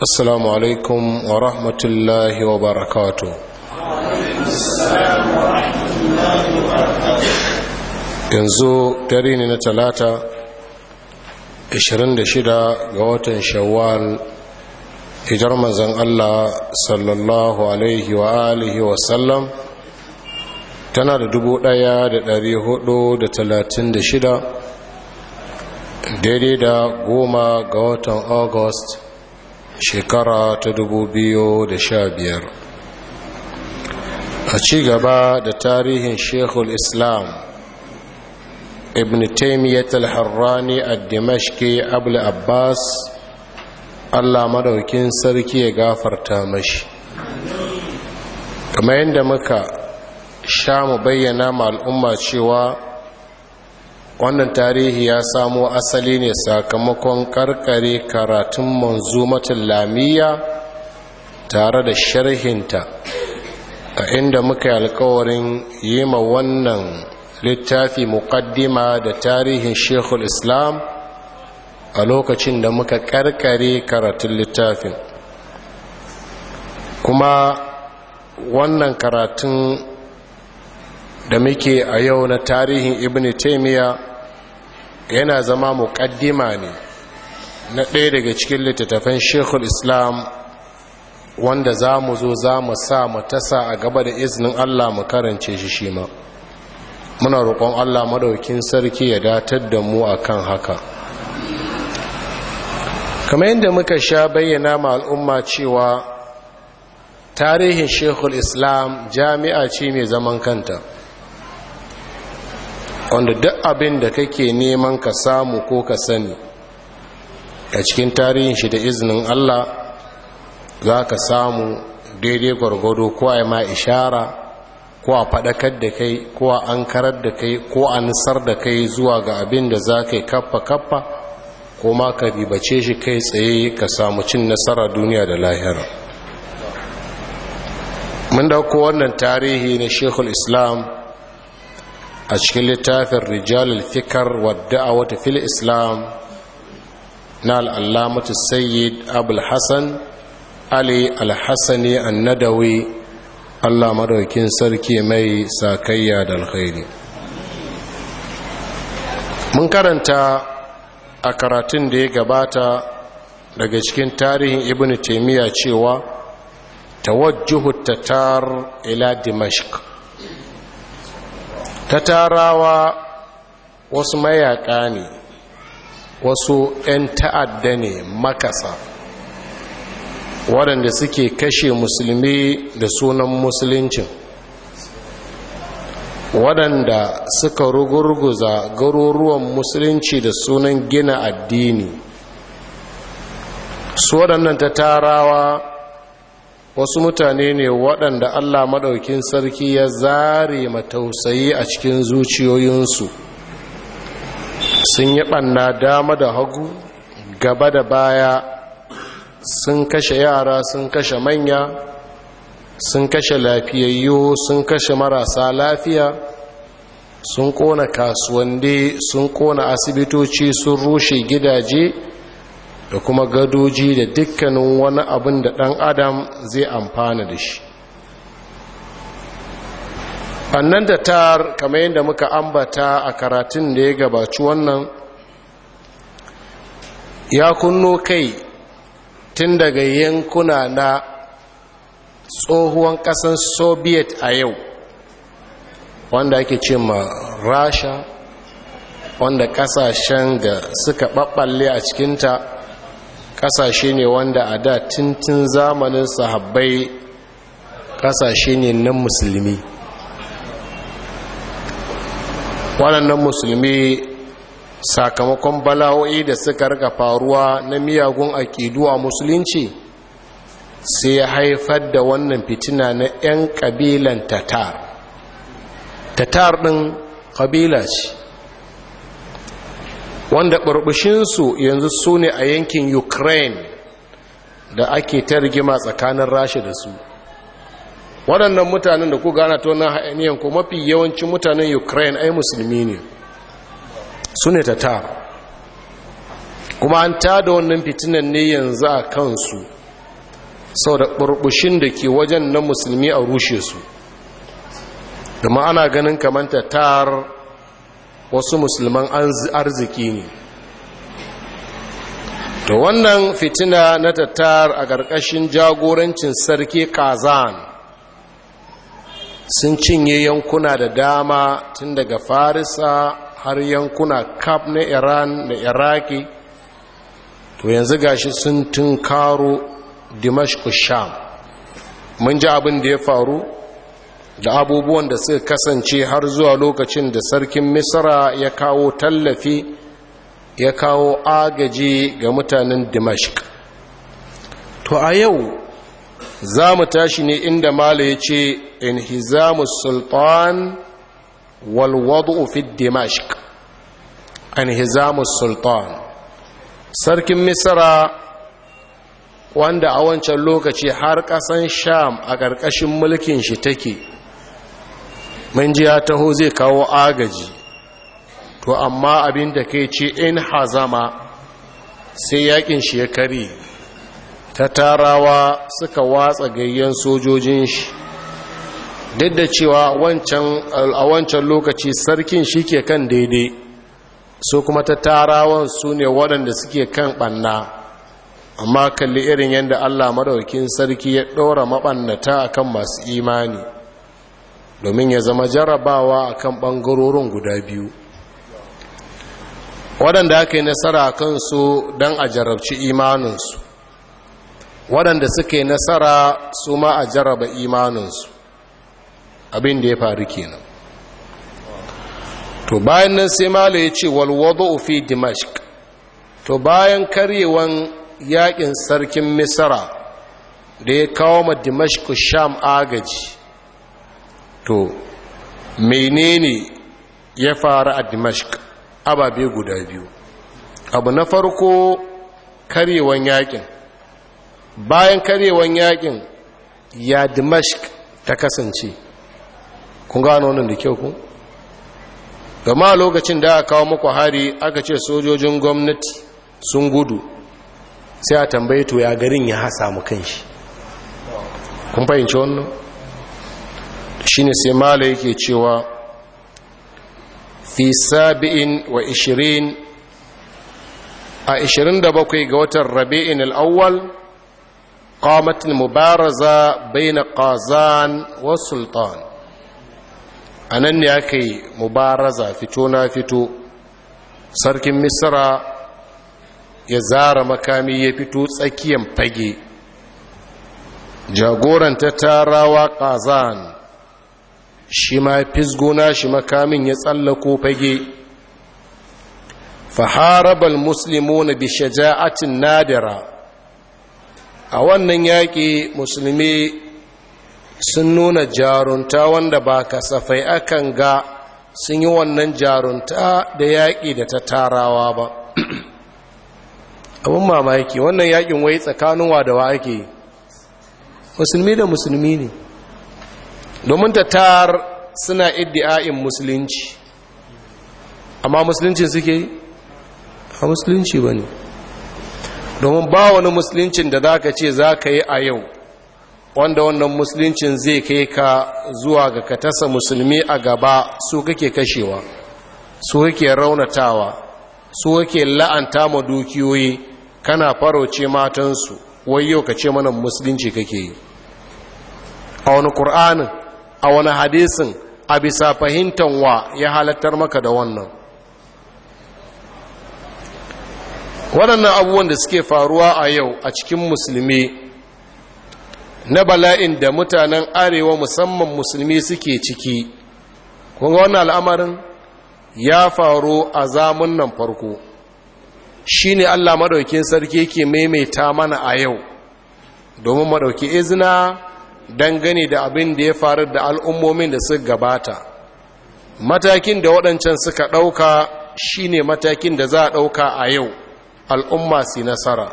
assalamu alaikum wa rahmatullahi wa barakatu yanzu dare ne na talata shida ga watan shawwal hijar manzan Allah sallallahu alaihi wa alihi wa sallam tana da da shida daidai da goma ga watan august shekara ta dubu biyu da sha biyar. a ci gaba da tarihin shekul islam ibn taimiyyat al-harrani a dimashki abul abbas allah madaukin sarki ya gafarta mashi kamar yadda muka sha mu bayyana ma al'umma cewa wannan tarihi ya samo asali ne sakamakon karkare karatun manzumatin lamiyya tare da sharhinta a inda muka yi alkawarin yi ma wannan littafi muqaddima da tarihin shekul islam a lokacin da muka karkare karatun littafin kuma wannan karatun da muke a yau na tarihin ibn taimiyya yana zama muƙaddima ne na ɗaya daga cikin littattafan shekul islam wanda za mu zo za mu sa mu tasa a gaba da izinin allah mu karance shi shi ma muna roƙon allah maɗaukin sarki ya datar da mu akan haka kamar yadda muka sha bayyana ma al'umma cewa tarihin shekul islam jami'a ce mai zaman kanta wanda duk abin da kake neman ka samu ko ka sani a cikin tarihin shi da izinin Allah za ka samu daidai gwargwado ko a ma ishara ko a faɗakar da kai ko a an karar da kai ko a nisar da kai zuwa ga abin da za ka yi kaffa-kaffa ko ma ka ribace shi kai tsaye ka samu cin nasara duniya da lahira mun dauko wannan tarihi na shekul islam a cikin littafin rijalul fikar wadda a wata fil islam na al'allamatu sayyid abul ali alhassani annadawi allah madaukin sarki mai sakayya da alkhairi mun karanta a karatun da ya gabata daga cikin tarihin ibnu taimiyya cewa tawajjuhu tatar ila dimashq tatarawa wasu mayaka ne wasu 'yan ta'adda ne makasa waɗanda suke kashe musulmi da sunan musuluncin waɗanda suka rugurguza garuruwan musulunci da sunan gina addini su waɗannan tatarawa wasu mutane ne waɗanda allah maɗaukin sarki ya zare matausayi a cikin zuciyoyinsu sun yi ɓanna dama da hagu gaba da baya sun kashe yara sun kashe manya sun kashe lafiyayyo sun kashe marasa lafiya sun ƙona kasuwande, sun ƙona asibitoci sun rushe gidaje da kuma gadoji da dukkanin wani abin da ɗan adam zai amfana da shi annan da ta kamar yadda muka ambata a karatun da ya gabaci wannan ya kunno kai tun daga yankuna na tsohuwan ƙasar soviet a yau wanda ake ce ma rasha wanda ƙasashen da suka ɓaɓɓalle a cikinta kasashe ne wanda a da tuntun zamanin sahabbai kasashe ne na musulmi waɗannan musulmi sakamakon bala'o'i da suka rika faruwa na miyagun aƙidu a musulunci sai ya haifar da wannan fitina na 'yan ƙabilan tatar tatar ɗin ƙabila ce wanda ɓarɓushinsu yanzu su ne a yankin ukraine da ake ta rigima tsakanin rasha da su waɗannan mutanen da ku gana ta wannan hainiyan ko mafi yawancin mutanen ukraine ai musulmi ne su ne tatar kuma an tada wannan fitinan ne yanzu a kansu sau da ɓarɓushin da ke wajen na musulmi a rushe su da ana ganin kamar tatar wasu musulman arziki ne to wannan fitina na tattar a ƙarƙashin jagorancin sarki kazan sun cinye yankuna da dama tun daga farisa har yankuna kaf na iran da iraki to yanzu ga shi sun tunkaro dimashku sham mun ji abin da ya faru da abubuwan da suka kasance har zuwa lokacin da sarkin misra ya kawo tallafi ya kawo agaji ga mutanen dimashik to a yau za mu tashi ne inda mala ya ce hizamu sultan walwadu fi dimashik hizamu sultan sarkin misra wanda a wancan lokaci har ƙasan sham a ƙarƙashin mulkin shi take manji ya taho zai kawo agaji to amma abin da kai ce in hazama sai yakin shi ya kare ta tarawa suka watsa gayyan sojojin shi duk da cewa a wancan lokaci sarkin shi ke kan daidai so kuma ta tarawan su ne waɗanda suke kan ɓanna amma kalli irin yadda allah madaukin sarki ya ɗora maɓannata akan masu imani domin ya zama jarrabawa a kan ɓangarorin guda biyu waɗanda aka yi nasara a kansu don a jarabci imaninsu waɗanda suke nasara su ma a jaraba imaninsu abinda ya faru kenan to bayan nan sai malo ya ce walwado fi dimashq to bayan karyewan yakin sarkin Misira da ya kawo ma dimashq sham agaji to menene ya fara a dimashq ababe guda biyu abu na farko karyewan yakin bayan karyewan yakin ya dimashq ta kasance kun gano nan da kyau ku gama lokacin da aka kawo muku hari aka ce sojojin gwamnati sun gudu sai a tambaye to ya garin ya hasa mu shi. kun fahimci wannan shine sai mala yake cewa fi sabi'in wa ishirin a ishirin da bakwai ga watan rabi'in al'awwal قامت المبارزة بين قازان a anan ne aka yi mubaraza fito na fito sarkin misra ya zara makami ya fito tsakiyan fage jagoranta ta tarawa kaza. shi ma fizgona shi makamin ya tsallako fage faharabal na bi shaja'atin nadira a wannan yaƙi musulmi sun nuna jarunta wanda ba kasafai akan ga sun yi wannan jarunta da yaƙi da ta tarawa ba abin mamaki wannan yaƙin wai tsakanin wa da wa ake musulmi da musulmi ne domin tatar suna iddi'a'in musulunci amma musulunci suke a musulunci ba ne domin ba wani musuluncin da za ka ce za ka yi a yau wanda wannan musuluncin zai kai ka zuwa ga katasa musulmi a gaba su kake kashewa su kake raunatawa su kake la'anta ma dukiyoyi kana faroce matansu wai yau ka ce mana musulunci kake yi a wani ƙur'anin a wani hadisin a bisa fahimtar wa ya halattar maka da wannan waɗannan abubuwan da suke faruwa a yau a cikin musulmi na bala'in da mutanen arewa musamman musulmi suke ciki kunga wannan al'amarin ya faru a zamun nan farko shi ne allah maɗaukin sarki ke maimaita mana a yau domin maɗauki izina dangane da abin da ya faru da al'ummomin da su gabata matakin da waɗancan suka ɗauka shine matakin da za a ɗauka a yau al'umma su nasara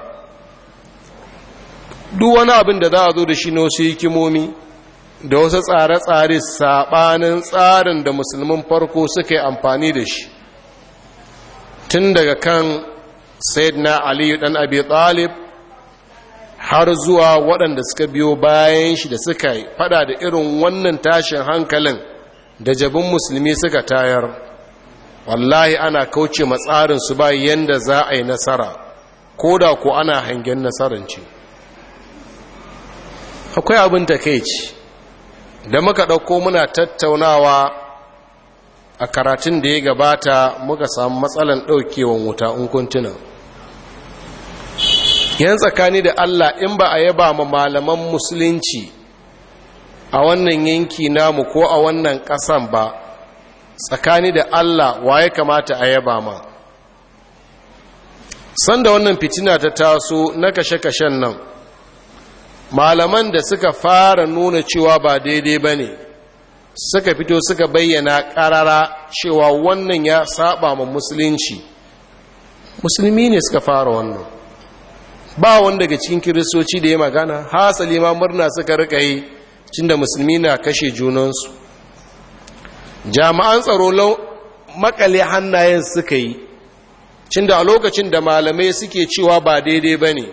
duk wani abin da za a zo da shi na wasu hikimomi da wasu tsare-tsare saɓanin tsarin da musulmin farko suka yi amfani da shi tun daga kan Sayyid na aliyu ɗan abi talib har zuwa waɗanda suka biyo bayan shi da suka yi fada da irin wannan tashin hankalin da jabin musulmi suka tayar wallahi ana kauce matsarin su ba yadda za a yi nasara ko da ku ana hangen nasarar ce akwai abin takeici da muka ɗauko muna tattaunawa a karatun da ya gabata muka samu matsalan ɗaukewan wuta in kuntunan yan tsakani da Allah in ba a yaba ma malaman musulunci a wannan yanki namu ko a wannan ƙasan ba tsakani da Allah wa ya kamata a yaba ma sanda wannan fitina ta taso na kashe-kashen nan malaman da suka fara nuna cewa ba daidai ba ne suka fito suka bayyana ƙarara cewa wannan ya saba ma musulunci musulmi ne suka fara wannan ba wanda daga cikin kiristoci da ya magana hasali ma murna suka rika yi cinda musulmi na kashe junansu jami'an tsaro makale hannayen suka yi cinda a lokacin da malamai suke cewa ba daidai ba ne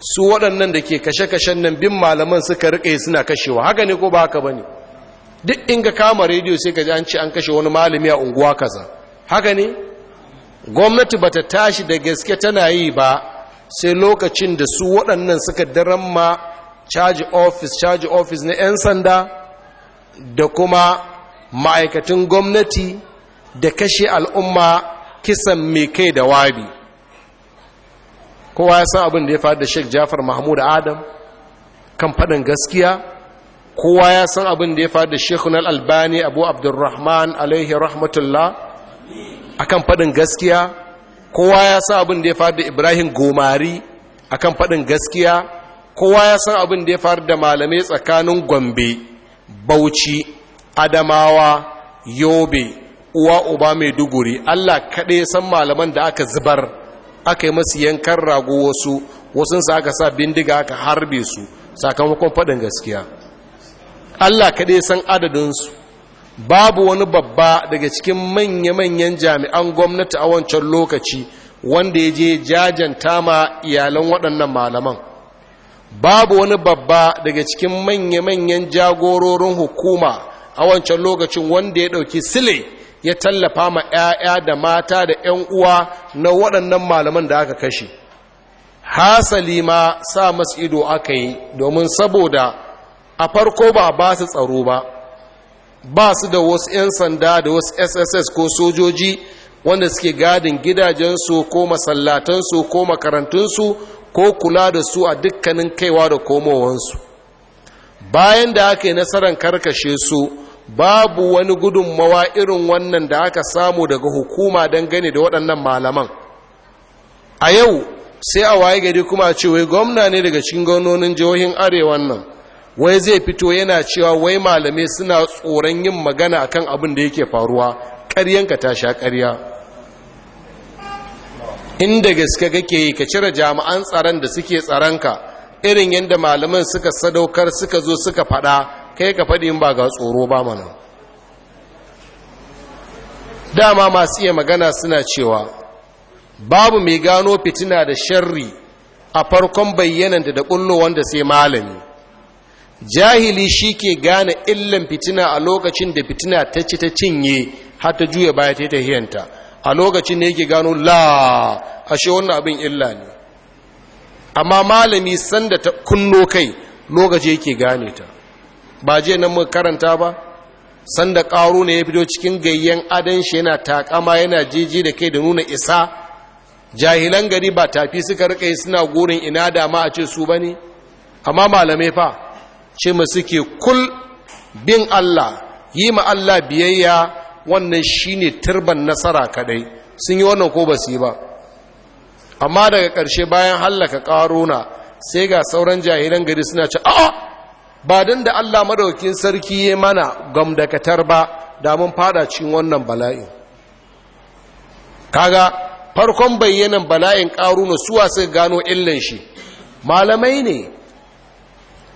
su waɗannan da ke kashe-kashen nan bin malaman suka rika suna kashewa haka ne ko ba haka ba ne duk in ka kama rediyo sai ka ji an ce an kashe wani malami a unguwa kaza haka ne gwamnati ba ta tashi da gaske tana yi ba sai lokacin da su waɗannan suka daren ma caji ofis caji ofis na 'yan sanda da kuma ma'aikatan gwamnati da kashe al'umma kisan mai kai da wabi kowa ya san abin da ya faɗi da sheik jafar mahmud adam kan faɗin gaskiya kowa ya san abin da ya faɗi da sheikhun Albani abu abdurrahman alaihi rahmatullah a kan faɗin gaskiya kowa ya san abin da ya faru da ibrahim gomari a kan faɗin gaskiya kowa ya san abin da ya faru da malamai tsakanin gombe bauchi adamawa yobe uwa uba mai duguri allah kaɗai san malaman da aka zubar aka yi masu yankan rago wasu wasu sa aka sa bindiga aka harbe su sakamakon faɗin gaskiya allah kaɗai ya san adadinsu babu wani babba daga cikin manya-manyan jami'an gwamnati a wancan lokaci wanda ya je jajanta ma iyalan waɗannan malaman babu wani babba daga cikin manya-manyan jagororin hukuma a wancan lokacin wanda ya ɗauki sile ya tallafa ma 'ya'ya da mata da 'yan uwa na waɗannan malaman da aka kashe hasali ma sa masu ido aka yi domin saboda a farko ba ba su tsaro ba ba su da wasu 'yan sanda da wasu sss ko sojoji wanda suke gadin gidajensu ko masallatansu ko makarantunsu ko kula da su a dukkanin kaiwa da komowansu bayan da aka yi nasarar karkashe su babu wani gudunmawa irin wannan da aka samu daga hukuma dangane da waɗannan malaman a yau sai a waye gari kuma a ce wai gwamna ne daga cikin gwamnonin jihohin arewa nan wai zai fito yana cewa wai malamai suna tsoron yin magana akan abin da yake faruwa ƙaryanka ta sha ƙarya inda gaske kake yi ka cire jami'an tsaron da suke tsaronka irin yadda malaman suka sadaukar suka zo suka faɗa kai ka faɗi in ba ga tsoro ba mana dama masu iya magana suna cewa babu mai gano fitina da sharri a farkon bayyananta da ƙullo wanda sai malami jahili shi ke gane illan fitina a lokacin da fitina ta ci ta cinye har ta juya baya ta yi tahiyanta a lokacin ne yake gano la ashe wannan abin illa ne amma malami sanda ta kunno kai lokaci yake gane ta ba je nan mu karanta ba sanda ƙaro ne ya fito cikin gayyen adan shi yana takama yana jiji da kai da nuna isa jahilan gari ba tafi suka rika yi suna gurin ina da ma a ce su bane amma malamai fa ce mu suke kul bin Allah yi ma Allah biyayya wannan shine turban nasara kadai sun yi wannan ko basu yi ba amma daga ƙarshe bayan hallaka ƙaruna sai ga sauran jahilan gari suna ce a, ba don da Allah madaukin sarki ya mana gamdakatar ba da mun fada cikin wannan bala'in kaga farkon bayyanan bala'in ƙaruna suwa suka gano illan shi malamai ne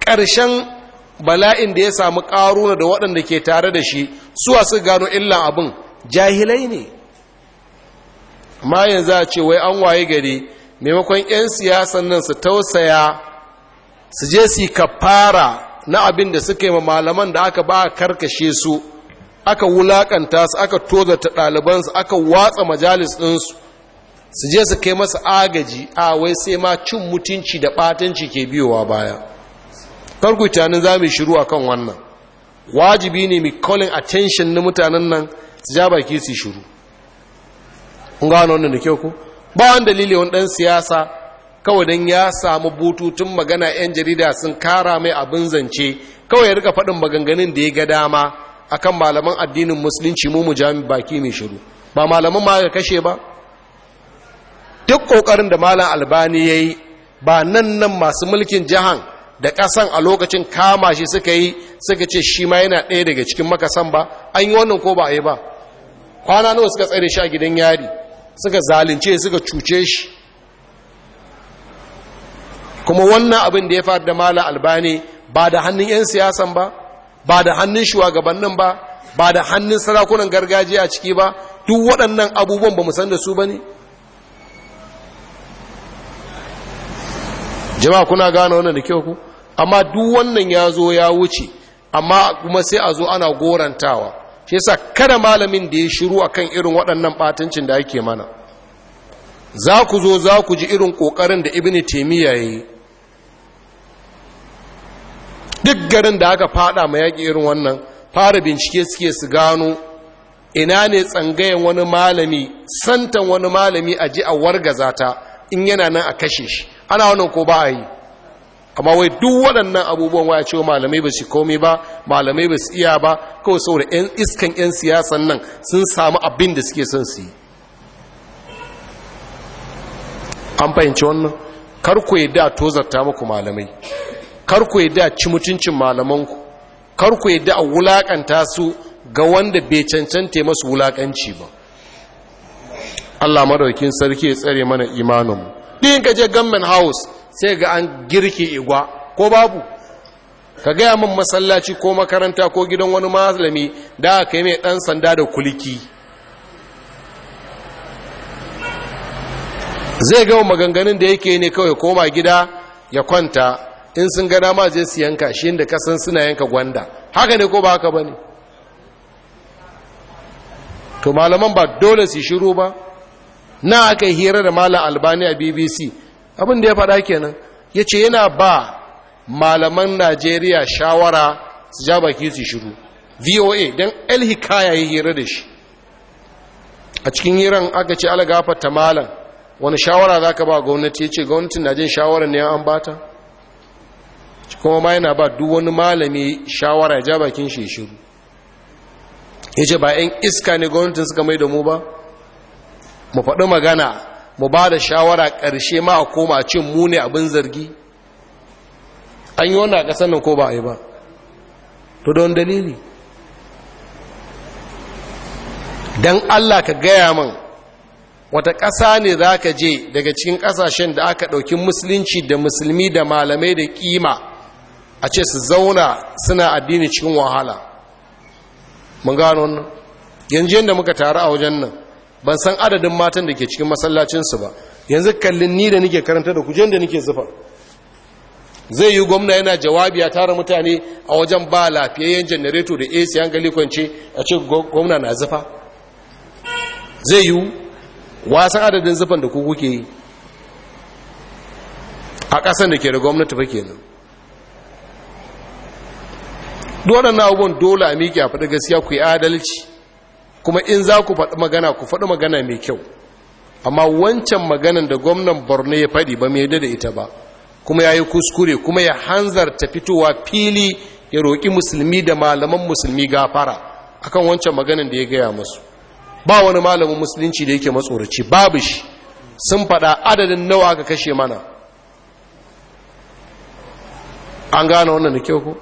ƙarshen bala'in da ya samu ƙaruna da waɗanda ke tare da shi suwa su gano illan abin jahilai ne amma yanzu a ce wai an waye gari maimakon 'yan siyasan nan su tausaya su je su kafara na abin da suka yi ma malaman da aka ba a karkashe su aka wulaƙanta su aka tozata ɗalibansu aka watsa majalis ɗinsu su je su kai masa agaji a wai sai ma cin mutunci da ɓatanci ke biyowa baya karku tunanin za mu shiru akan wannan wajibi ne mai calling attention na mutanen nan su ja baki su shiru kun ga wannan da kyau ku ba wani dalili wani dan siyasa kawai dan ya samu bututun magana yan jarida sun kara mai abin zance kawai ya rika faɗin maganganun da ya ga dama akan malaman addinin musulunci mu mu baki mai shiru ba malaman ma ya kashe ba duk kokarin da malam albani yayi ba nan nan masu mulkin jahan da ƙasan a lokacin kama shi suka yi suka ce shi ma yana ɗaya daga cikin makasan ba an yi wannan ko ba a yi ba kwana nawa suka tsere shi a gidan yari suka zalunce suka cuce shi kuma wannan abin da ya faru da mala albani ba da hannun 'yan siyasan ba ba da hannun shugabannin ba ba da hannun sarakunan gargajiya a ciki ba duk waɗannan abubuwan ba mu san da su ba ne jama'a kuna gane wannan da kyau ku amma duk wannan ya zo ya wuce amma kuma sai a zo ana gorantawa shi yasa kada malamin da ya shiru akan irin waɗannan batancin da ake mana za ku zo za ku ji irin ƙoƙarin da ibn taimiyya ya yi duk garin da aka faɗa ma yaƙi irin wannan fara bincike suke su gano ina ne tsangayen wani malami santan wani malami a ji a wargaza ta in yana nan a kashe shi ana wannan ko ba a yi amma wai duk waɗannan abubuwan waya cewa malamai ba su komai ba malamai ba su iya ba kawai saboda yan iskan yan siyasan nan sun samu abin da suke son su yi an fahimci wannan karku ya da tozarta muku malamai karku ya da ci mutuncin malamanku karku ya da a wulaƙanta su ga wanda bai cancanta masu wulaƙanci ba Allah madaukin sarki ya tsare mana imaninmu din ka je government house sai ga an girki igwa ko babu ka gaya min masallaci ko makaranta ko gidan wani malami da aka yi mai ɗan sanda da kuliki zai gama maganganun da yake ne kawai koma gida ya kwanta in sun gada ma zai su yanka shi inda kasan suna yanka gwanda haka ne ko ba haka ba ne to malaman ba dole su shiru ba na aka hira da malam albani a bbc abin da ya faɗa kenan ya ce yana ba malaman najeriya shawara su ja baki su shiru voa don alhikaya ya hira da shi a cikin hiran aka ce ta malam wani shawara za ka ba gwamnati ya ce gwamnatin na jin shawara ne an bata kuma ma yana ba duk wani malami shawara ya ja bakin shi shiru ya ce ba 'yan iska ne gwamnatin suka mai da mu ba mu faɗi magana mu ba da shawara ƙarshe ma a koma cin mu ne abin zargi an yi wani a ƙasar nan ko ba a yi ba to don dalili don allah ka gaya man wata ƙasa ne za ka je daga cikin ƙasashen da aka ɗauki musulunci da musulmi da malamai da ƙima a ce su zauna suna addini cikin wahala mun gano nan yanzu yadda muka taru a wajen nan ban san adadin matan da ke cikin masallacinsu ba yanzu kallin ni da nike karanta da kujen da nike zufa zai yi gwamna yana jawabi a tara mutane a wajen ba lafiyayyen janareto da ac hankali kwance a ce gwamna na zufa zai yi wasan adadin zufan da kuku yi a ƙasan da ke da gwamnati fa kenan dole na abubuwan dole a miki a faɗi gaskiya ku yi adalci kuma in za ku faɗi magana ku faɗi magana mai kyau amma wancan maganan da gwamnan borno ya faɗi ba mai da ita ba kuma ya yi kuskure kuma ya hanzarta fitowa fili ya roƙi musulmi da malaman musulmi gafara akan wancan maganan da ya gaya masu ba wani malamin musulunci da yake matsoraci babu shi sun faɗa adadin nawa aka kashe mana an gane wannan da kyau ko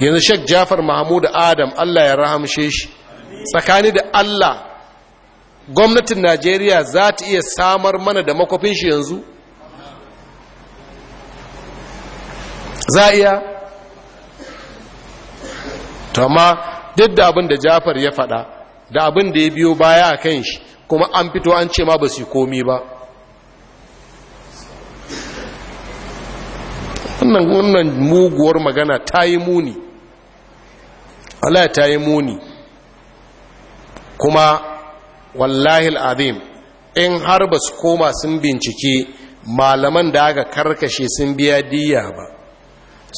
yanzu shek jafar mahmud adam allah ya rahamshe shi tsakani da allah gwamnatin najeriya za ta iya samar mana da makwafin shi yanzu za iya tama duk da abin da jafar ya faɗa da abin da ya biyo baya a kan shi kuma an fito an ce ma ba su komi ba wannan muguwar magana ta yi muni Allah ta yi muni kuma wallahi al'adim in har ba su koma sun bincike malaman da aka karkashe sun biya diya ba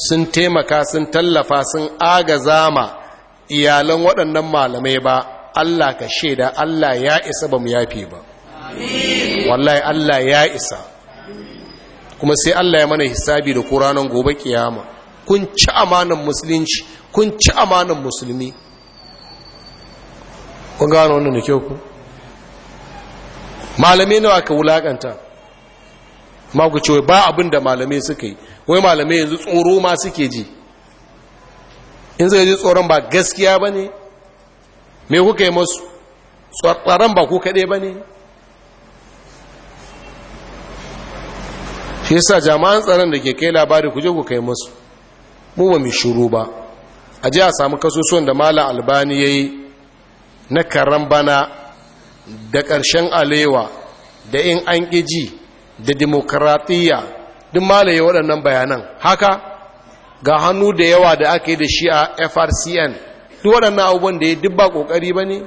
sun taimaka sun tallafa sun agaza ma iyalan waɗannan malamai ba Allah ka shaida Allah ya isa ba mu yafe ba wallahi Allah ya isa kuma sai Allah ya mana hisabi da kuranan gobe kiyama kun ci amanan musulunci kun ci amanan musulmi kun gano wannan da kyau ku Malami nawa ka wulakanta ma ku ce ba abin da malami suka yi wai malami yanzu tsoro ma suke ji in zai ji tsoron ba gaskiya ba ne me kuka yi masu tsoron ba ku kaɗai ba ne shi yasa jama'an tsaron da ke kai labari ku je ku kai masu mu ba mu shuru ba a ji a samu kasusuwan da mala albani ya yi na karan bana da ƙarshen alewa da in an ƙiji da demokaratiyya duk mala ya waɗannan bayanan haka ga hannu da yawa da aka da shi a frcn duk waɗannan abubuwan da ya duk ba ƙoƙari ba ne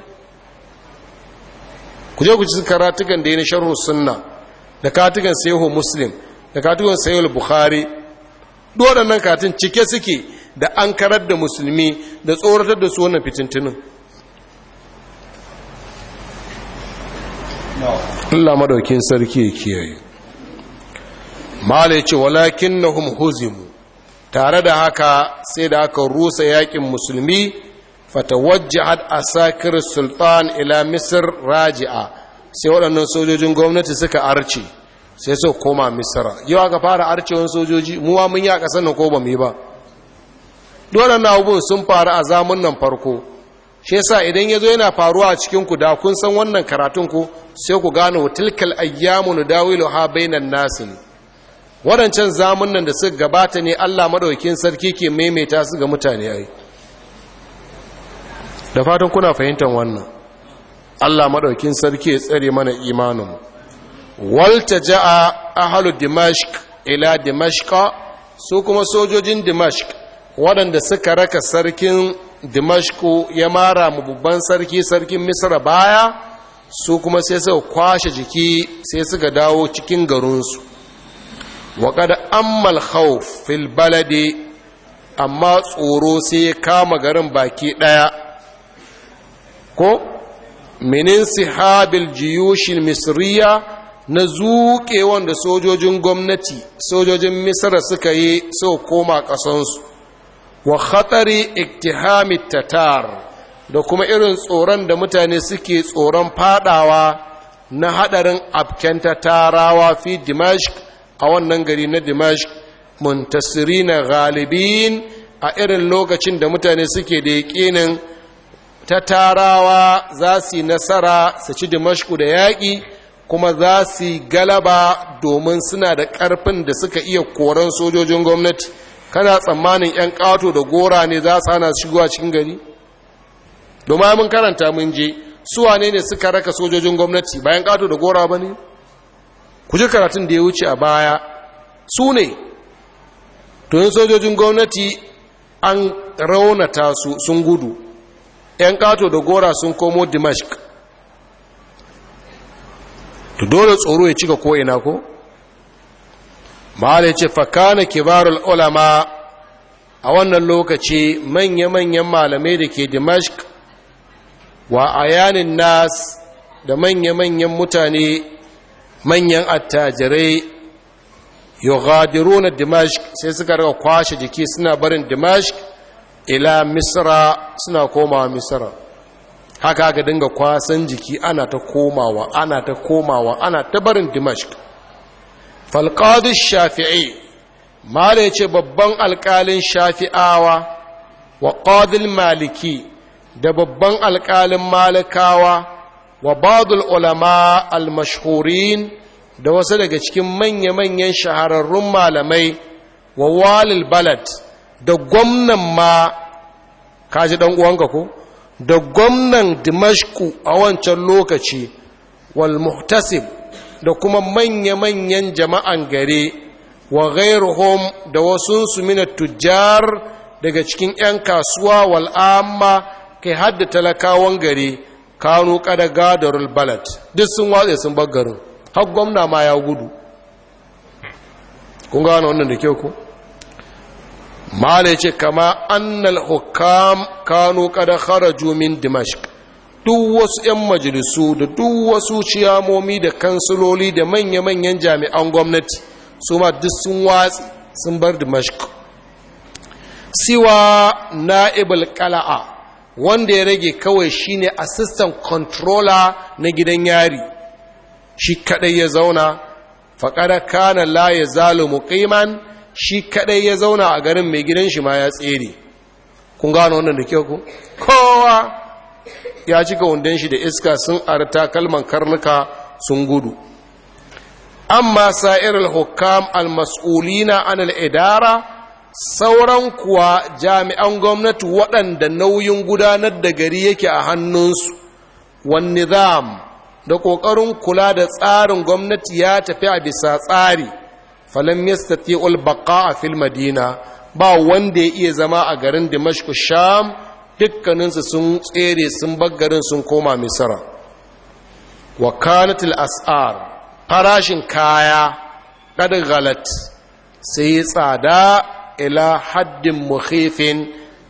ku je ku ci karatukan da ya na sharhu sunna da katukan sayo muslim da katukan sayo bukhari waɗannan katin cike suke da an karar da musulmi da tsoratar da su wannan fitintunin. Allah madaukin sarki ya kiyaye mala ce walakin na huzimu tare da haka sai da aka rusa yakin musulmi fatawajja'at asakir sultan ila misir raji'a sai waɗannan sojojin gwamnati suka arce sai su koma misira, yau aka fara arcewan sojoji muwa mun yi a ƙasar na ko ba mu yi ba dole na abubuwan sun faru a zamun nan farko shi yasa idan ya zo yana faruwa a cikin ku da kun san wannan karatun ku sai ku gane wa tilkal ayyamu nudawilu ha bainan nasi ne waɗancan zamun nan da suka gabata ne Allah maɗaukin sarki ke maimaita su ga mutane ai da fatan kuna fahimtar wannan Allah maɗaukin sarki ya tsare mana imanin mu walta ja'a ahalu dimashq ila dimashqa su kuma sojojin dimashq waɗanda suka raka sarkin dimashku ya mara mu babban sarki sarkin misra baya su kuma sai suka kwashe jiki sai suka dawo cikin garinsu waƙad ammal khawf fil balade amma tsoro sai ya kama garin baki ɗaya ko minin sihabil jiyushin misriya na zuƙe wanda sojojin gwamnati sojojin misra suka yi so koma ƙasansu wa khatari iktihami tatar da kuma irin tsoron da mutane suke tsoron fadawa na hadarin abken tatarawa fi dimashq a wannan gari na dimashq muntasirina galibin a irin lokacin da mutane suke da yaƙinin tatarawa za su yi nasara su ci dimashku da yaƙi kuma za su yi galaba domin suna da ƙarfin da suka iya koran sojojin gwamnati kana tsammanin 'yan ƙato da gora ne za su hana a cikin gari domin mun karanta mun je suwa ne ne suka raka sojojin gwamnati bayan ƙato da gora ba ne ku ji karatun da ya wuce a baya su ne tuyin sojojin gwamnati an raunata su sun gudu 'yan ƙato da gora sun komo dimashq to dole tsoro ya cika ko'ina ko mahala ce fakana kibarul ulama a wannan lokaci manya-manyan malamai da ke dimashk wa ayanin nas da manya-manyan mutane manyan attajirai na dimashk sai suka rika kwashe jiki suna barin dimashk ila misra suna komawa misra haka aka dinga kwasan jiki ana ta komawa ana ta komawa ana ta barin dimashq falqadi shafi'i mala yace babban alƙalin shafi'awa wa qadil maliki da babban alƙalin malikawa wa badul ulama al da wasu daga cikin manya-manyan shahararrun malamai wa walil balad da gwamnan ma kaji dan uwanka ko da gwamnan dimashku a wancan lokaci wal muhtasib da kuma manya-manyan jama'an gare wa ghairuhum da wasunsu mina tujjar daga cikin 'yan kasuwa wal'amma kai hadda talakawan gare kanu kada gadarul balad duk sun watsa sun bar garin har gwamna ma ya gudu kun gano wannan da kyau ko mala ya ce kama annal hukam kanu kada kharaju min dimashq duk wasu 'yan majalisu da duk wasu ciyamomi da kansiloli da manya-manyan jami'an gwamnati su ma duk sun watsi sun bar dimashq siwa na'ibul kala'a wanda ya rage kawai shine assistant controller na gidan yari shi kadai ya zauna faƙada kana la ya muqiman shi kadai ya zauna a garin mai gidan shi ma ya tsere kun gano wannan da kyau ku kowa ya cika wundan shi da iska sun arta kalman karnuka sun gudu amma al hukam al-mas'ulina an al-idara sauran kuwa jami'an gwamnati waɗanda nauyin gudanar da gari yake a hannunsu wan nizam da ƙoƙarin kula da tsarin gwamnati ya tafi a bisa tsari falam Bakka a fil madina ba wanda ya iya zama a garin dimashq sham dukkaninsu sun tsere sun baggarin sun koma misra wa as'ar farashin kaya kad galat sai tsada ila haddin mukhifin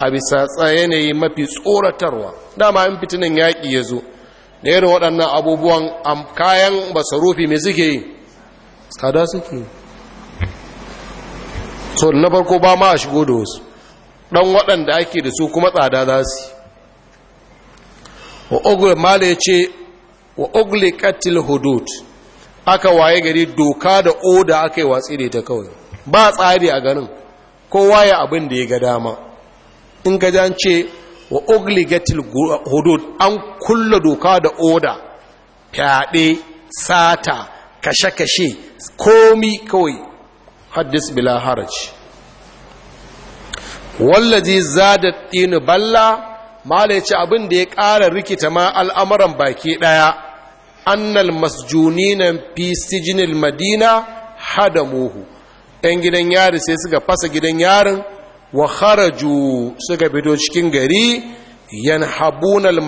a bisa yanayi mafi tsoratarwa dama in fitinan yaƙi ya zo da irin waɗannan abubuwan kayan basarufi mai suke yi tsada suke so na farko ba ma a shigo da wasu ɗan waɗanda ake da su kuma tsada za su wa ogul mala ya ce wa ogle katil hudud aka waye gari doka da oda aka yi watsi da ta kawai ba tsari a ganin kowa ya abin da ya ga dama in ka jan ce wa ogle katil hudud an kulla doka da oda fyaɗe sata kashe-kashe komi kawai haddis bila Haraji, wallazi zada tinu balla mala yace abin da ya ƙara rikita ma al'amuran baki ɗaya annal masjunina fi sijnil madina hadamuhu ɗan gidan yari sai suka fasa gidan yarin wa kharaju suka fito cikin gari yanhabuna al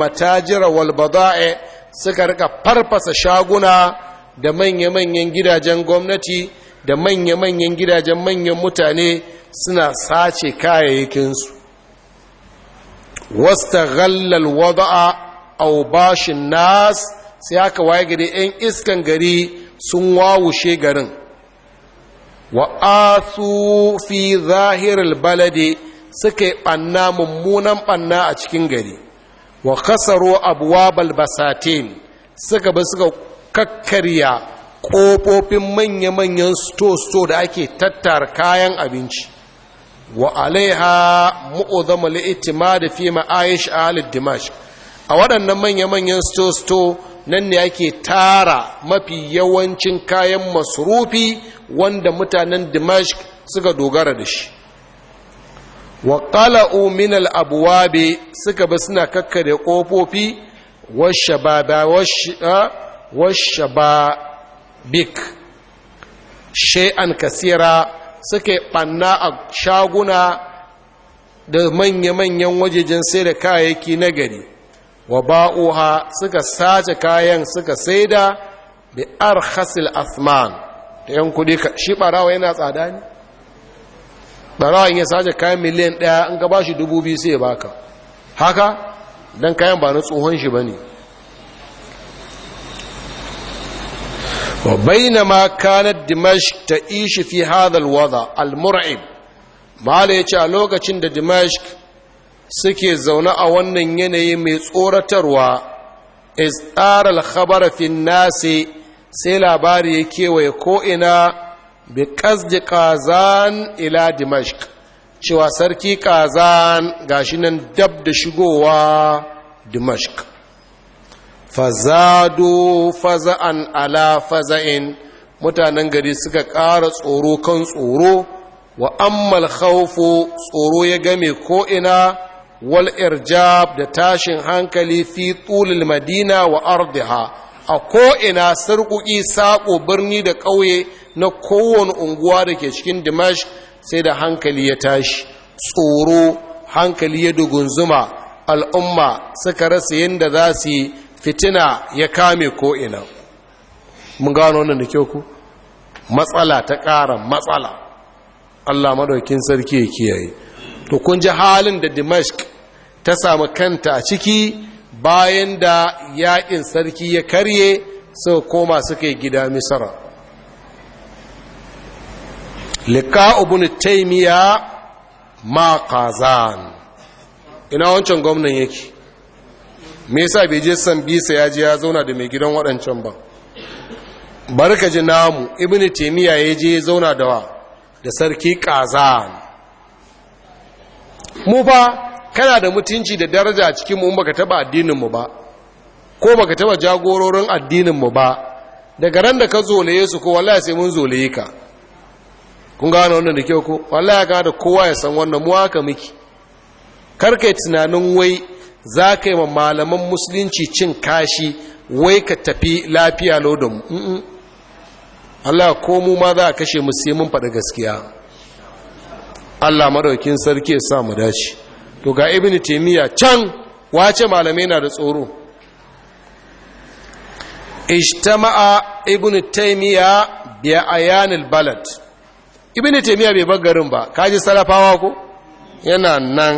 wal bada'i suka rika farfasa shaguna da manya-manyan gidajen gwamnati da manya-manyan gidajen manyan mutane suna sace kayayyakinsu wasta ghallal wada'a au bashin nas sai aka waye gari 'yan iskan gari sun wawushe garin wa asu fi zahirar balade suka yi ɓanna mummunan ɓanna a cikin gari wa kasaro abuwa balbasatin suka ba suka kakkarya ƙofofin manya-manyan sto-sto da ake tattara kayan abinci wa alaiha mu'udhama li'itima da fi ma'ayish ahalid dimash a waɗannan manya-manyan sto-sto nan ne ake tara mafi yawancin kayan masrufi wanda mutanen dimash suka dogara da shi wa qala'u min al suka ba suna kakkare kofofi wa washaba ah, Big she'an kasira suke ɓanna a shaguna da manya-manyan wajejen sai da kayayyaki na gari wa ba'uha suka sace kayan suka saida bi hasil asman da yan kudi shi barawa yana tsada ne barawa ya sace kayan miliyan ɗaya an gaba ba shi dubu biyu sai ya baka haka don kayan ba na tsohon shi ba ne to ma kana Dimash ta ishi fi hadha alwada almur'ib mala yace a lokacin da Dimash suke zaune a wannan yanayi mai tsoratarwa istara alkhabar fi nasi sai labari ya kewaye ko'ina bi kasdi kazan ila Dimash cewa sarki kazan gashi nan dab da shigowa Dimash. fazadu faza'an ala faza'in mutanen gari suka ƙara tsoro kan tsoro wa ammal khawfu tsoro ya game ko'ina wal irjab da tashin hankali fi tulil madina wa ardiha a ko'ina sarƙuƙi saƙo birni da ƙauye na kowane unguwa da ke cikin dimash sai da hankali ya tashi tsoro hankali ya dugunzuma al'umma suka rasa yadda za su yi fitina ya kame ko'ina mun gano wannan da kyau ku matsala ta ƙara matsala allah maɗaukin sarki ya kiyaye to kun ji halin da dimashq ta samu kanta a ciki bayan da yaƙin sarki ya karye sau koma suka yi gida misara liƙa ubin taimiya ma ƙazan ina wancan gwamnan yake me yasa bai je san bisa ya je ya zauna da mai gidan waɗancan ba barka ji namu ibn Tamiya ya je ya zauna da wa da sarki kaza mu ba kana da mutunci da daraja a cikin mu baka taba addinin mu ba ko baka taba jagororin addinin mu ba daga ran da ka zoleye su ko wallahi sai mun zoleye ka kun gano wannan da kyau ko wallahi ka da kowa ya san wannan mu haka miki karkai tunanin wai za ka yi wa malaman musulunci cin kashi wai ka tafi lafiya mu Allah ko mu ma za a kashe mu sai mun faɗi gaskiya Allah maraukin sarki ya sa mu dace to ga ibn taymiya can wace malamai na da tsoro ijtama'a ibn taymiya bi ayanil balad ibn taymiya bai bar garin ba kaji salafawa ko yana nan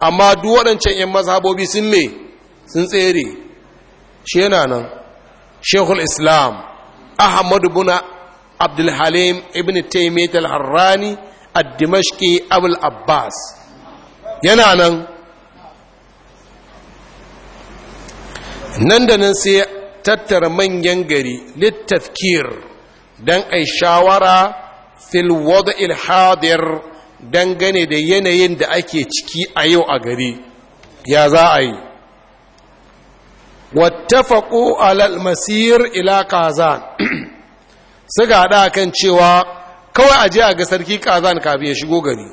amma duk waɗancan 'yan mazhabobi sun me sun tsere shi yana nan shekul islam ahmadu buna abdulhalim ibn taimiyat al-harrani ad-dimashqi abul abbas yana nan nan da nan sai tattara manyan gari littafkir don a shawara fil wada dangane da yanayin da ake ciki a yau a gari ya za a yi wattafaƙo alal masir ila kazan suka haɗa kan cewa kawai a je a ga sarki kazan kafin ya shigo gari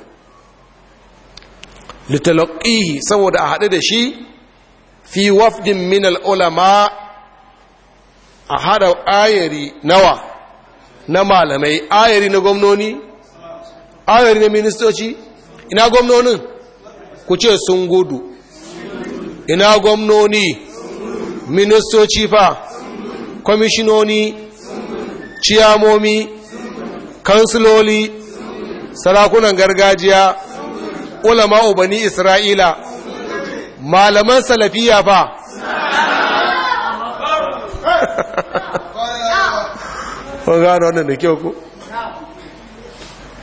litalaƙihi saboda a haɗu da shi fi wafdin minal ulama a haɗa ayari nawa na malamai ayari na gwamnoni awari ne ministoci ina gwamnonin ku ce sun gudu ina gwamnoni ministoci fa kwamishinoni ciyamomi kansiloli sarakunan gargajiya ulama bani isra'ila malaman salafiya fa ko gano wannan da kyau ko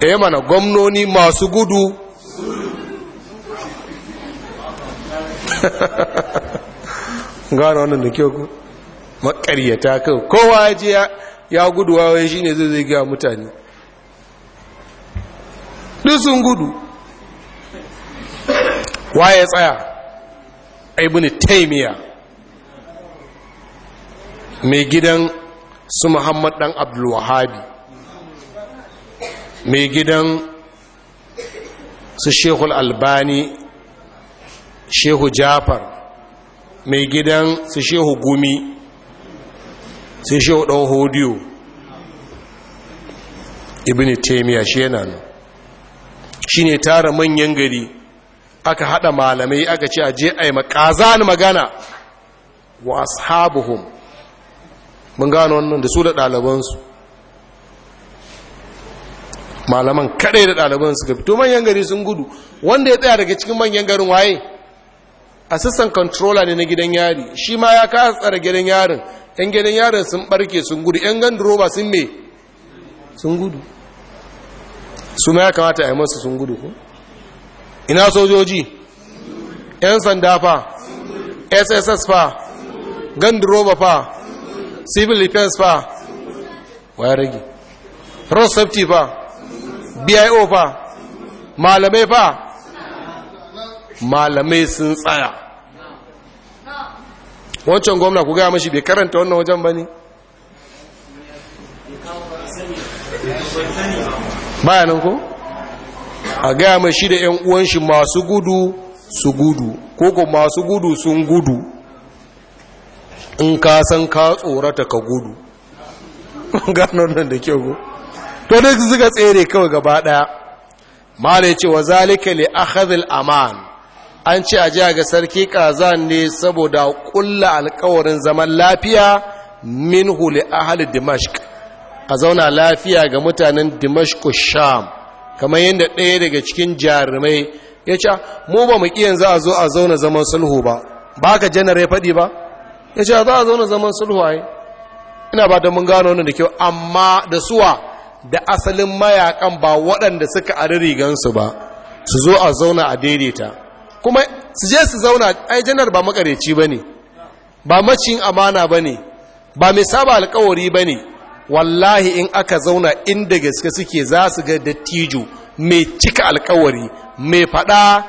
E mana gwamnoni masu gudu gano wannan da kyau ku makaryata kan kowa ya je ya gudu wawai shi ne zai zai gaya mutane duk sun gudu waye tsaya aibini taimiya mai gidan su muhammad dan abdulwahabi mai gidan su shehul albani shehu jafar mai gidan su shehu gumi su shehu ɗan hodiyo ibini taimiyya shi yana nan shi ne tara manyan gari aka haɗa malamai aka ce a je a yi makazan magana wa ashabuhum mun gano wannan da su da ɗalibansu malaman kadai da ɗaliban suka fito manyan gari sun gudu wanda ya tsaya daga cikin manyan garin waye assistant controller ne na gidan yari shi ma ya kasa tsara gidan yarin yan gidan yarin sun barke sun gudu yan ganduroba sun me sun gudu su ma ya kamata a yi masu sun gudu ku? ina sojoji yan sanda fa sss fa ganduroba fa civil defense fa ya rage road safety fa bio fa malamai fa malamai sun tsaya wancan gwamna ku gaya mashi bai karanta wannan wajen ba ne bayanin ku a gaya mashi da 'yan uwanshi masu gudu su gudu koko masu gudu sun gudu in ka san ka tsorata ka gudu gano nan da kyau to duk suka tsere kawai gaba ɗaya mala ce wa zalika li akhadhil aman an ce a ji ga sarki kazan ne saboda kulla alkawarin zaman lafiya minhu li ahli dimashq a zauna lafiya ga mutanen dimashq sham kamar yadda ɗaya daga cikin jarumai ya ce mu ba mu kiyan za a zo a zauna zaman sulhu ba ba ka janare faɗi ba ya ce za a zauna zaman sulhu ai ina ba da mun gano wannan da kyau amma da suwa da asalin mayakan ba waɗanda suka ari rigansu ba su zo a zauna a daidaita kuma su je su zauna ai janar ba makareci ba ne ba macin amana ba ne ba mai saba alkawari ba ne wallahi in aka zauna inda gaske suke za su ga dattijo mai cika alkawari mai faɗa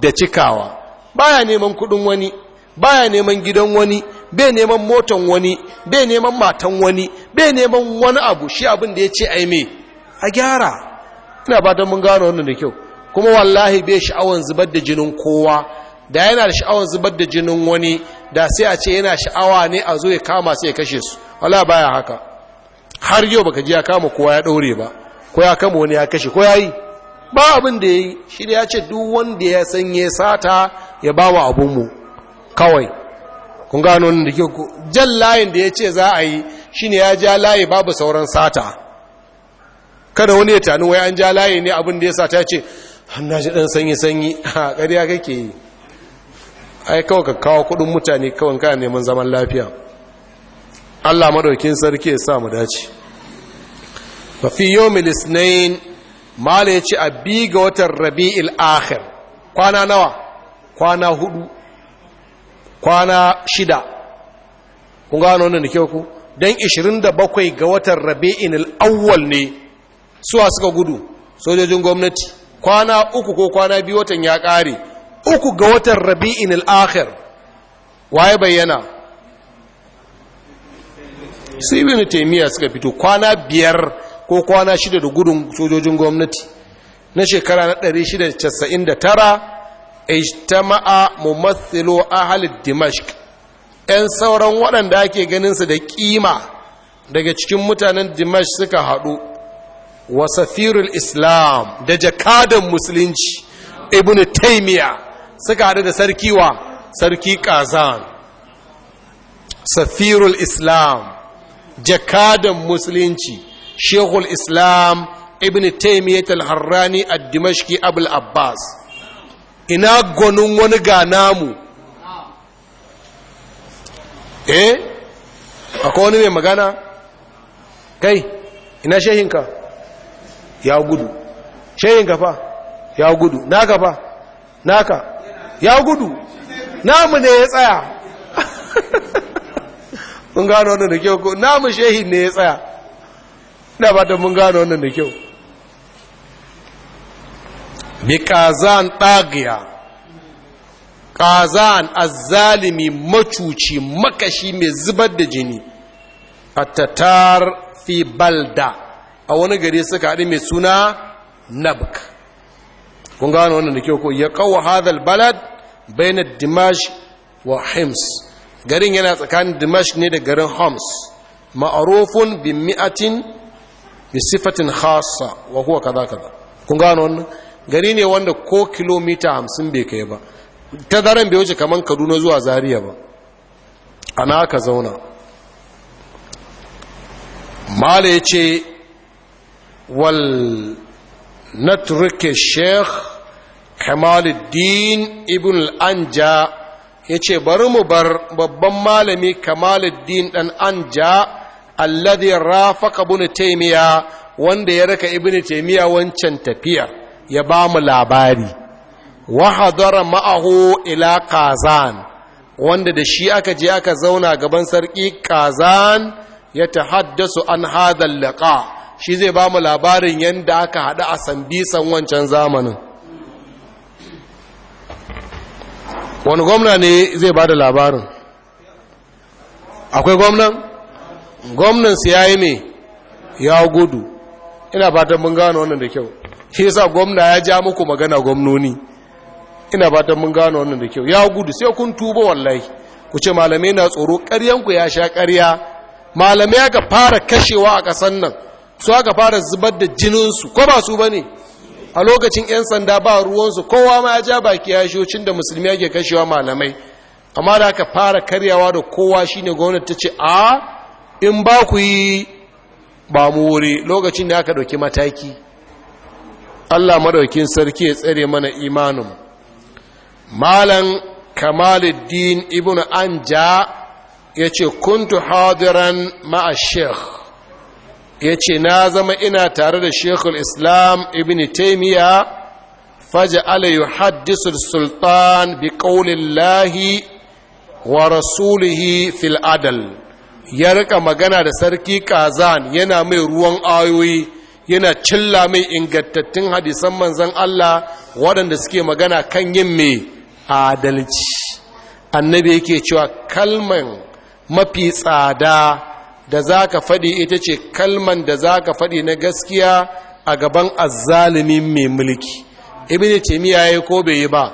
da cikawa baya neman kuɗin wani baya neman gidan wani bai neman motan wani bai neman matan wani bai neman wani abu shi abin da ya ce a yi mai a gyara ina ba don mun gano wannan da kyau kuma wallahi bai sha'awar zubar da jinin kowa da yana da sha'awan zubar da jinin wani da sai a ce yana sha'awa ne a zo ya kama sai ya kashe su wala baya haka har yau baka ji ya kama kowa ya ɗaure ba ko ya kama wani ya kashe ko ya yi ba abin da ya yi shi ya ce duk wanda ya san ya sata ya ba wa abinmu kawai kun gano wani da ke ku jan layin da ya ce za a yi shi ne ya ja layi babu sauran sata kada wani ya tani wai an ja layi ne abin da ya sata ya ce hannun shi ɗan sanyi-sanyi a ƙariya kake yi ai kawai ka kawo kuɗin mutane kawai neman zaman lafiya allah maɗaukin sarki ya sa mu dace mafi yau milisnain mala ya ce a bi ga watan rabi'il akhir kwana nawa kwana hudu kwana shida kun gano wannan da kyau ku don 27 ga watan rabi'in al'awwal ne suwa suka gudu sojojin gwamnati kwana uku ko kwana biyu watan ya kare. uku ga watan rabi'in al'akhir waye bayyana su ibn taimiyya suka fito kwana biyar ko kwana shida da gudun sojojin gwamnati na shekara na 699 ijtama'a mumathilu ahli dimashq ɗan sauran waɗanda ake ganinsu da ƙima daga cikin mutanen dimash suka haɗu wa safirul islam da jakadan musulunci ibn taymiya suka haɗu da sarki wa sarki kazan safirul islam jakadan musulunci shehul islam ibn taymiya al-harrani ad-dimashqi abul abbas ina gonun wani ga namu eh akwai wani mai magana kai ina shehinka ya gudu shehinka fa ya gudu naka fa naka ya gudu namu ne ya tsaya mun gano wannan da kyau namu shehin ne ya tsaya da ba da mun gano wannan da kyau bi kazan ɗagiya kazan azzalimi macuci makashi mai zubar da jini a tatar fi balda a wani gari suka haɗu mai suna nabk kun gano wannan da ke ko ya kawo hadal balad bayan dimash wa hims garin yana tsakanin dimash ne da garin homs ma'arufun bi mi'atin bi sifatin khassa wa huwa kaza kaza kun gano wannan gari ne wanda ko kilomita hamsin bai kai ba ta daren bai wuce kamar kaduna zuwa zariya ba ana aka zauna mala ya ce wal Turke sheikh kamaluddin ibn al'anja ya ce bari mu bar babban malami kamaluddin Dan anja alladhi rafaka ibn taimiya wanda ya raka ibn taimiya wancan tafiya. ya ba mu labari wa hadara ma'ahu ila kazan wanda da shi aka je aka zauna gaban sarki kazan ya tahaddasu an hadallaka shi zai ba mu labarin yanda aka hadu a sandisan wancan zamanin wani gwamna ne zai ba da labarin akwai gwamnan gwamnan su yi ne ya gudu ina fatan mun gano wannan da kyau shi yasa gwamna ya ja muku magana gwamnoni ina fatan mun gano wannan da kyau ya gudu sai kun tuba wallahi ku ce malamai na tsoro ƙaryanku ya sha ƙarya malamai aka fara kashewa a ƙasar nan su aka fara zubar da jininsu ko ba su ba ne a lokacin 'yan sanda ba ruwansu kowa ma ya ja baki ya da musulmi ake kashewa malamai amma da aka fara karyawa da kowa shine gwamnati ta ce a in ba ku yi ba mu wuri lokacin da aka ɗauki mataki Allah madaukin sarki ya tsare mana imanin malam kamaluddin ibn anja ya ce kuntu hadiran ma'a sheikh ya ce na zama ina tare da sheikhul islam ibn taimiyya faja'ala yuhaddisu sultan bi wa rasulihi fil adal ya rika magana da sarki kazan yana mai ruwan ayoyi yana cilla mai ingantattun hadisan manzan Allah waɗanda suke magana kan yin mai adalci annabi yake cewa kalman mafi tsada da za ka faɗi ita ce kalman da za ka faɗi na gaskiya a gaban azzalimin mai mulki ne ce miyaye ko bai yi ba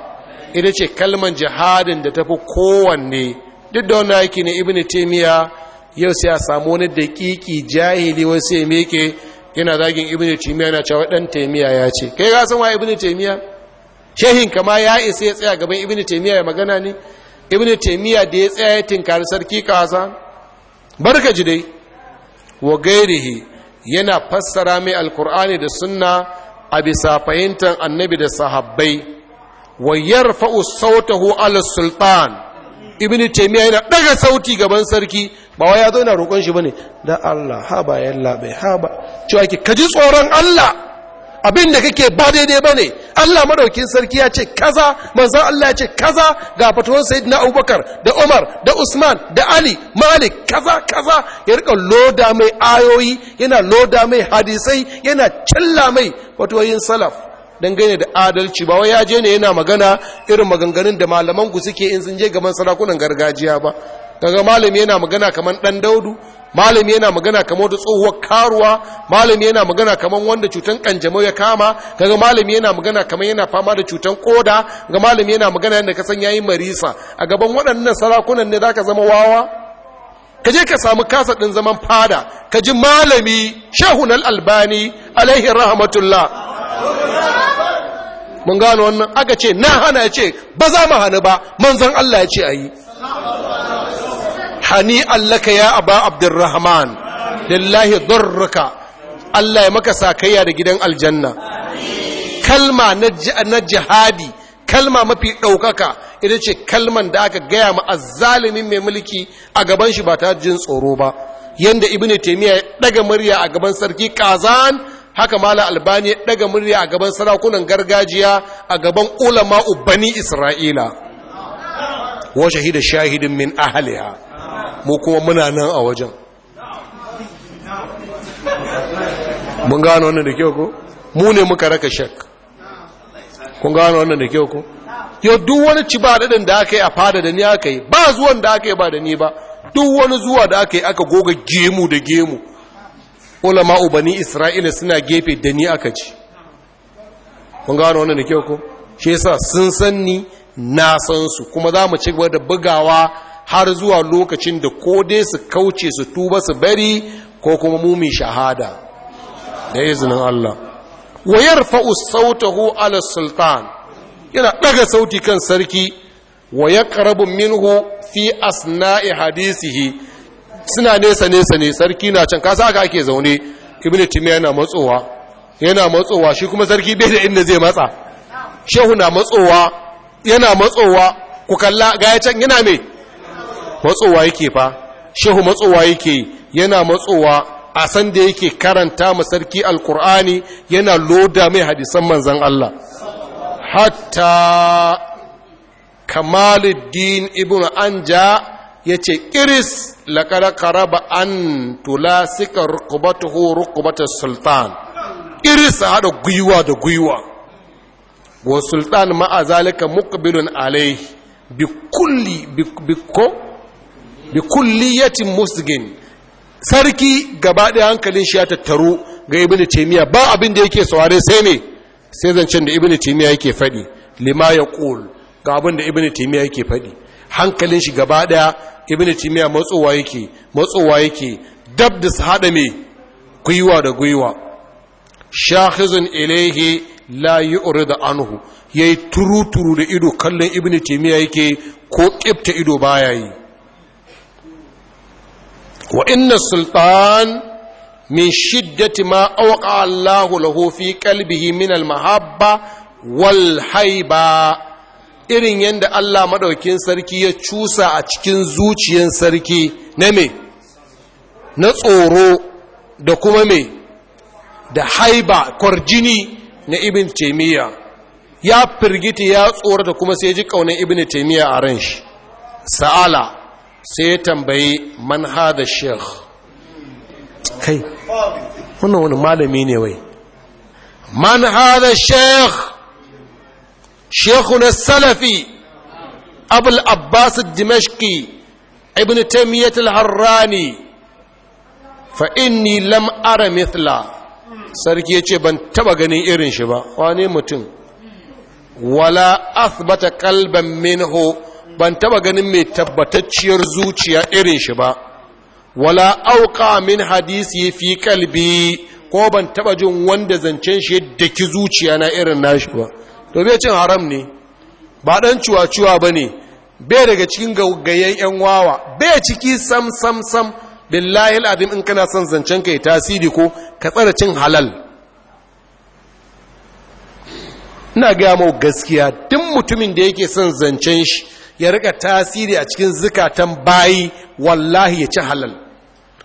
ita ce kalman jihadin da tafi kowanne duk da wani aiki ne ce taimiyya yau sai a samu wani daƙiƙi jahili wasu ya meke yana zagin ibn taymiya yana cewa dan taymiya ya ce kai ga san wa ibn taymiya shehin kama ya isa ya tsaya gaban ibn taymiya ya magana ne ibn taymiya da ya tsaya ya tinkari sarki kaza? barka ji dai wa gairihi yana fassara mai alkur'ani da sunna a bisa fahimtar annabi da sahabbai wa yarfa'u sautahu ala sultan ibini taymiya yana daga sauti gaban sarki ba wa ya zo yana roƙon shi ne? da Allah ha ba yalla bai ha ba cewa ke kaji tsoron Allah abin da kake ba daidai ba ne. Allah madaukin sarki ya ce kaza manzan Allah ya ce kaza ga fatuwar na Abubakar da Umar da Usman da Ali Malik kaza kaza ya rika loda mai ayoyi yana loda mai hadisai yana cilla mai fatuwayin salaf dangane da adalci ba wai ya je ne yana magana irin maganganun da malaman ku suke in sun je gaban sarakunan gargajiya ba kaga malami yana magana kaman dan daudu malami yana magana kamar wata tsohuwar karuwa malami yana magana kaman wanda cutan kanjamau ya kama kaga malami yana magana kaman yana fama da cutan koda ga malami yana magana yadda ka san yayi marisa a gaban waɗannan sarakunan ne zaka zama wawa ka je ka samu kasa ɗin zaman fada ka ji malami shehun albani alaihi rahmatullah mun gano wannan aka ce na hana ce ba za mu hana ba manzon Allah ya ce ayi hani allaka ya aba abdurrahman lillahi durruka Allah ya maka sakayya da gidan aljanna kalma na jihadi kalma mafi ɗaukaka ita ce kalman da aka gaya ma azzalimin mai mulki a gaban shi ba ta jin tsoro ba yanda ibnu taymiya ya daga murya a gaban sarki kazan haka mala albani ya daga murya a gaban sarakunan gargajiya a gaban ulama bani isra'ila wa shahida shahidin min ahaliya. mu kuma muna nan a wajen mun gano wannan da kyau ko mu ne muka raka shak kun gano wannan da kyau ko yau duk wani ci ba daɗin da aka yi a fada da ni aka yi ba zuwan da aka yi ba da ni ba duk wani zuwa da aka yi aka goga gemu da gemu ulama ubani isra'ila suna gefe da ni aka ci kun gano wannan da kyau ko shi yasa sun san ni na san su kuma za mu ci gaba da bugawa har zuwa lokacin da ko dai su kauce su tuba su bari ko kuma mu mumi shahada da izinin Allah wa yarfa'u sautahu ala sultan yana daga sauti kan sarki wa yaqrabu minhu fi asna'i hadisihi suna nesa nesa ne sarki na can kasa aka ake zaune ibnu timiya yana matsowa yana matsowa shi kuma sarki bai da inda zai matsa shehu na matsowa yana matsowa ku kalla ga ya can yana me matsowa yake fa shehu matsowa yake yana matsowa a san da yake karanta ma sarki alkur'ani yana loda mai hadisan manzon Allah hatta kamaluddin ibnu anja ya ce iris laƙada karaba an tula suka ko rukubata sultan iris a haɗa gwiwa da gwiwa wa sultan ma'a zalika muqbilun alai bi kulli bi ko musgin sarki gaba ɗaya hankalin shi ya tattaru ga ibnu taymiya ba abin da yake saurare sai ne sai zancen da ibnu taymiya yake faɗi lima yaqul ga abin da ibnu taymiya yake faɗi hankalin shi gaba daya ibn timiya matsowa yake matsowa yake dab da su haɗa mai gwiwa da gwiwa shakhizun ilaihi la da anhu yayi turuturu da ido kallon ibn timiya yake ko kifta ido baya yi wa inna sultan min shiddati ma awqa Allahu lahu fi qalbihi min al-mahabba wal haiba irin yadda Allah maɗaukin sarki ya cusa a cikin zuciyar sarki na me na tsoro da kuma me da haiba kwarjini na ibn taimiyya ya firgita ya tsoro da kuma sai ji ƙaunar ibn taimiyya a ran shi sa'ala sai ya tambayi man da sheikh kai wannan wani malami ne wai man da sheikh shekuna salafi abul abbas dimashki ibn taymiyyat al-harrani fa inni lam ara mithla sarki yace ban taba ganin irin shi ba wane mutum wala athbata qalban minhu ban taba ganin mai tabbatacciyar zuciya irin shi ba wala auka min hadisi fi kalbi ko ban taba jin wanda zancen shi yadda ki zuciya na irin nashi ba to bai cin haram ne ba dan cuwa-cuwa ba ne bai daga cikin gayyan 'yan wawa bai ciki sam sam sam billahi al'adim in kana son zancen kai tasiri ko ka tsara cin halal ina gaya mau gaskiya duk mutumin da yake son zancen shi ya rika tasiri a cikin zukatan bayi wallahi ya ci halal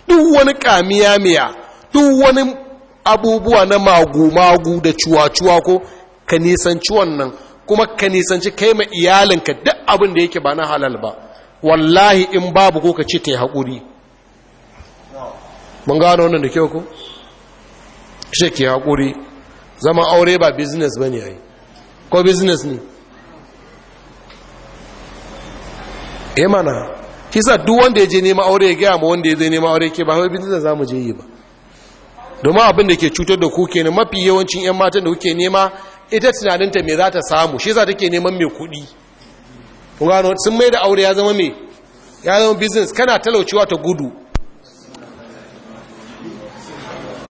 duk wani kamiya miya duk wani abubuwa na magu-magu da cuwa-cuwa ko ka nisanci wannan kuma ka nisanci kai ma iyalinka duk abin da yake ba na halal ba wallahi in babu ko ka ce ta yi haƙuri mun gano wannan da kyau ku shi ke haƙuri zama aure ba business ba ne yayi ko business ne e mana kisa duk wanda ya je nema aure ya gaya ma wanda ya zai nema aure ke ba hawa business za mu je yi ba domin abin da ke cutar da ku kenan mafi yawancin 'yan matan da kuke nema ita tunaninta mai za ta samu shi za ta ke neman mai kuɗi sun mai da aure ya zama mai ya zama business kana talaucewa ta gudu